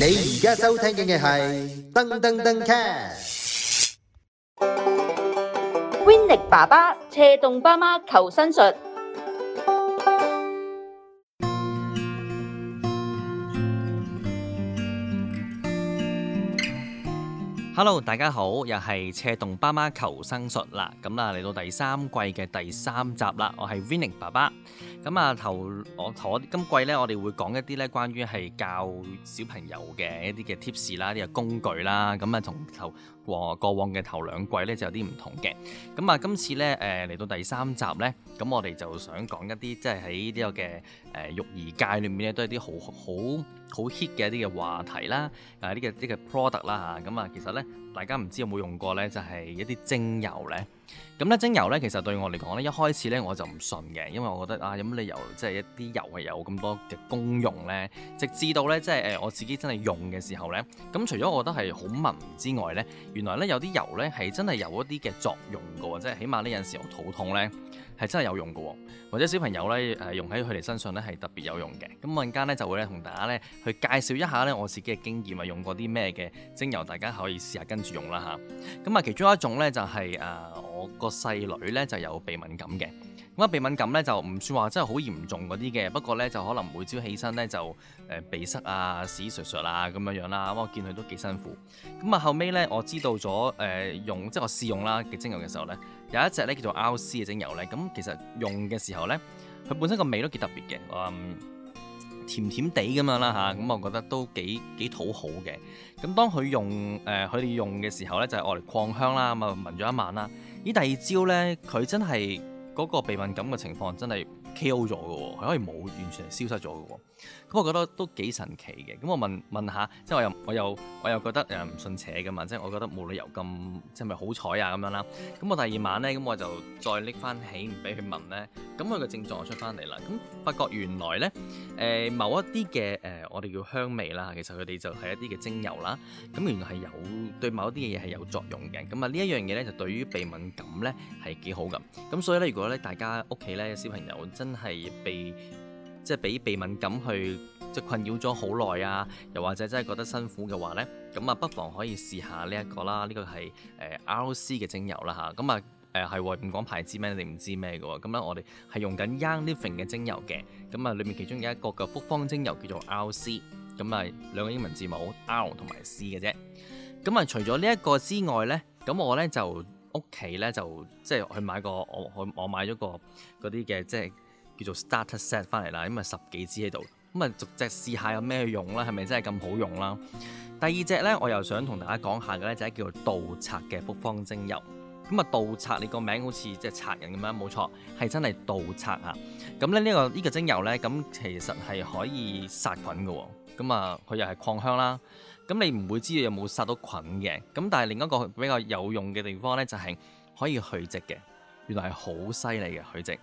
你而家收聽嘅係《噔噔噔 cast》，Winnie 爸爸車動爸媽，爸媽求生術。Hello，大家好，又係赤洞爸媽求生術啦。咁、嗯、啦，嚟到第三季嘅第三集啦。我係 Vinny 爸爸。咁、嗯、啊，頭我坐今季咧，我哋會講一啲咧關於係教小朋友嘅一啲嘅 tips 啦，啲嘅工具啦。咁、嗯、啊，同頭。和過往嘅頭兩季咧就有啲唔同嘅，咁啊今次咧誒嚟到第三集咧，咁我哋就想講一啲即係喺呢個嘅誒育兒界裏面咧都係啲好好好 hit 嘅一啲嘅話題啦，誒呢個呢個 product 啦嚇，咁啊其實咧大家唔知有冇用過咧，就係一啲精油咧。咁咧，精油咧，其實對我嚟講咧，一開始咧，我就唔信嘅，因為我覺得啊，有乜理由即係一啲油係有咁多嘅功用咧？直至到咧，即係誒，我自己真係用嘅時候咧，咁除咗我覺得係好聞之外咧，原來咧有啲油咧係真係有一啲嘅作用噶，即係起碼呢有陣時候肚痛咧。係真係有用噶。哦，或者小朋友咧，誒、啊、用喺佢哋身上咧係特別有用嘅。咁陣間咧就會咧同大家咧去介紹一下咧我自己嘅經驗啊，用過啲咩嘅精油，大家可以試下跟住用啦吓。咁啊，其中一種咧就係、是、誒、呃，我個細女咧就有鼻敏感嘅。咁啊，鼻敏感咧就唔算話真係好嚴重嗰啲嘅，不過咧就可能每朝起身咧就誒、呃、鼻塞啊、屎削削啊咁樣啊樣啦、啊。咁、啊、我見佢都幾辛苦。咁啊，後尾咧我知道咗誒、呃、用即係我試用啦嘅精油嘅時候咧，有一隻咧叫做 RC 嘅精油咧。咁其實用嘅時候咧，佢本身個味都幾特別嘅，嗯，甜甜地咁樣啦吓。咁、啊、我覺得都幾幾討好嘅。咁當佢用誒佢哋用嘅時候咧，就係我嚟擴香啦。咁啊，聞咗一晚啦。依第二朝咧，佢真係。嗰個鼻敏感嘅情況真係。k 咗嘅喎，可以冇完全消失咗嘅喎，咁我覺得都幾神奇嘅。咁我問問下，即係我又我又我又覺得誒唔信邪嘅嘛，即係我覺得冇理由咁即係咪好彩啊咁樣啦。咁我第二晚呢，咁我就再拎翻起唔俾佢聞呢。咁佢個症狀就出翻嚟啦。咁發覺原來呢，誒某一啲嘅誒我哋叫香味啦，其實佢哋就係一啲嘅精油啦。咁原來係有對某一啲嘅嘢係有作用嘅。咁啊呢一樣嘢呢，就對於鼻敏感呢係幾好嘅。咁所以呢，如果呢大家屋企呢，小朋友真真係被即係俾鼻敏感去即係困擾咗好耐啊！又或者真係覺得辛苦嘅話咧，咁啊不妨可以試下呢一個啦。呢、呢個係誒、呃、R C 嘅精油啦吓。咁啊誒係唔講牌子咩，你唔知咩嘅喎。咁、嗯、咧我哋係用緊 Young Living 嘅精油嘅。咁、嗯、啊裏面其中有一個嘅複方精油叫做 R C、嗯。咁啊兩個英文字母 R 同埋 C 嘅啫。咁、嗯、啊、嗯、除咗呢一個之外咧，咁我咧就屋企咧就即係去買個我我，我買咗個嗰啲嘅即係。叫做 starter set 翻嚟啦，咁啊十幾支喺度，咁啊逐隻試下有咩用啦，係咪真係咁好用啦？第二隻咧，我又想同大家講下嘅咧，就係叫做盜賊嘅複方精油。咁啊盜賊，你個名好似即係賊人咁樣，冇錯，係真係盜賊啊！咁咧呢個呢、這個精油咧，咁其實係可以殺菌嘅。咁、嗯、啊，佢又係擴香啦。咁、嗯、你唔會知道有冇殺到菌嘅。咁但係另一個比較有用嘅地方咧，就係、是、可以去漬嘅。原來係好犀利嘅去漬。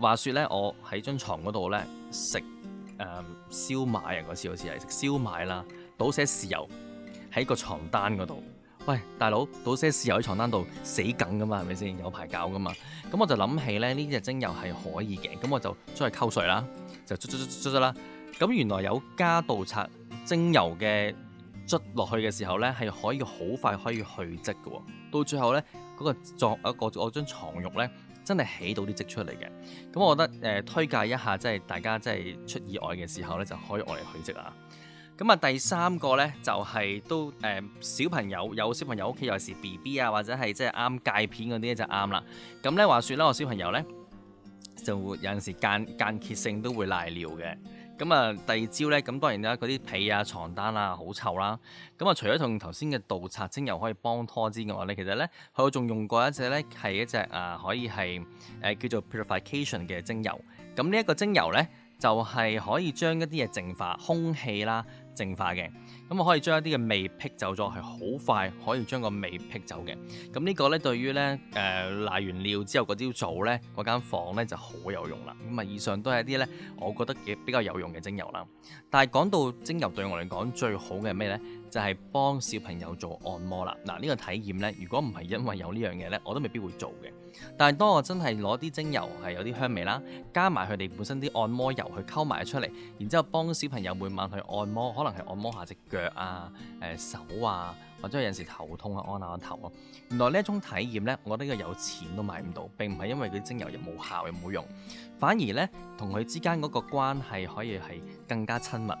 話説咧，我喺張床嗰度咧食誒燒賣啊！嗰次好似係食燒賣啦，倒些豉油喺個床單嗰度。喂，大佬，倒些豉油喺床單度死梗噶嘛？係咪先？有排搞噶嘛？咁我就諗起咧，呢隻精油係可以嘅。咁我就出去溝水啦，就捽捽捽捽捽啦。咁原來有加到刷精油嘅捽落去嘅時候咧，係可以好快可以去跡㗎。到最後咧，嗰、嗰個作一個我張床褥咧。真係起到啲積出嚟嘅，咁我覺得誒、呃、推介一下，即係大家即係出意外嘅時候咧，就可以攞嚟去積啊。咁啊，第三個咧就係、是、都誒、呃、小朋友有小朋友屋企有時 B B 啊，或者係即係啱戒片嗰啲就啱啦。咁咧話説啦，我小朋友咧就有陣時間間歇性都會賴尿嘅。咁啊，第二招咧，咁當然啦，嗰啲被啊、床單啊，好臭啦。咁啊，除咗用頭先嘅盜賊精油可以幫拖之外咧，其實咧，佢仲用過一隻咧，係一隻啊，可以係誒、啊、叫做 purification 嘅精油。咁呢一個精油咧，就係、是、可以將一啲嘢淨化空氣啦、啊。淨化嘅，咁我可以將一啲嘅味劈走咗，係好快可以將個味劈走嘅。咁呢個咧對於咧誒瀨完尿之後嗰啲做咧，嗰間房咧就好有用啦。咁啊，以上都係一啲咧，我覺得幾比較有用嘅精油啦。但係講到精油對我嚟講最好嘅咩咧，就係幫小朋友做按摩啦。嗱，呢個體驗咧，如果唔係因為有呢樣嘢咧，我都未必會做嘅。但係當我真係攞啲精油，係有啲香味啦，加埋佢哋本身啲按摩油去溝埋出嚟，然之後幫小朋友每晚去按摩，可能係按摩下隻腳啊，誒、呃、手啊，或者有陣時頭痛啊，按下按頭啊。原來呢一種體驗呢，我覺得呢個有錢都買唔到，並唔係因為佢啲精油又冇效又冇用，反而呢，同佢之間嗰個關係可以係更加親密。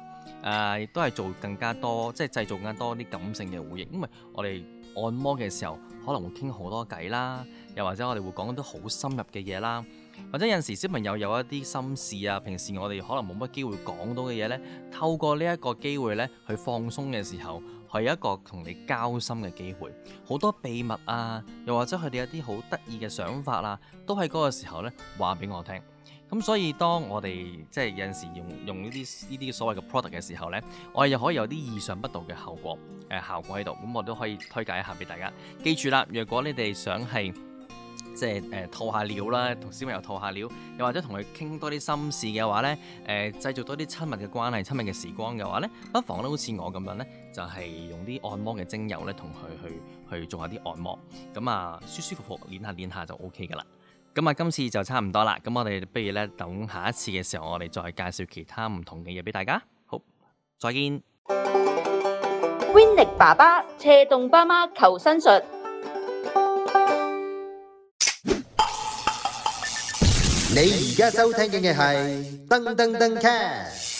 誒，亦、呃、都係做更加多，即係製造更加多啲感性嘅回憶。因為我哋按摩嘅時候，可能會傾好多偈啦，又或者我哋會講啲好深入嘅嘢啦。或者有陣時小朋友有一啲心事啊，平時我哋可能冇乜機會講到嘅嘢呢，透過呢一個機會呢，去放鬆嘅時候，係一個同你交心嘅機會。好多秘密啊，又或者佢哋有啲好得意嘅想法啊，都喺嗰個時候呢話俾我聽。咁、嗯、所以當我哋即係有陣時用用呢啲呢啲所謂嘅 product 嘅時候呢，我哋又可以有啲意想不到嘅效果誒、呃、效果喺度。咁我都可以推介一下俾大家。記住啦，若果你哋想係即係套、呃、下料啦，同小朋友套下料，又或者同佢傾多啲心事嘅話呢，誒、呃、製造多啲親密嘅關係、親密嘅時光嘅話呢，不妨咧好似我咁樣呢，就係、是、用啲按摩嘅精油呢，同佢去去做下啲按摩。咁啊，舒舒服服練下練下下就 OK 噶啦。咁啊，今次就差唔多啦。咁我哋不如咧等下一次嘅時候，我哋再介紹其他唔同嘅嘢俾大家。好，再見。Winnie 爸爸，斜洞爸媽求新術。你而家收聽嘅係《噔噔噔 c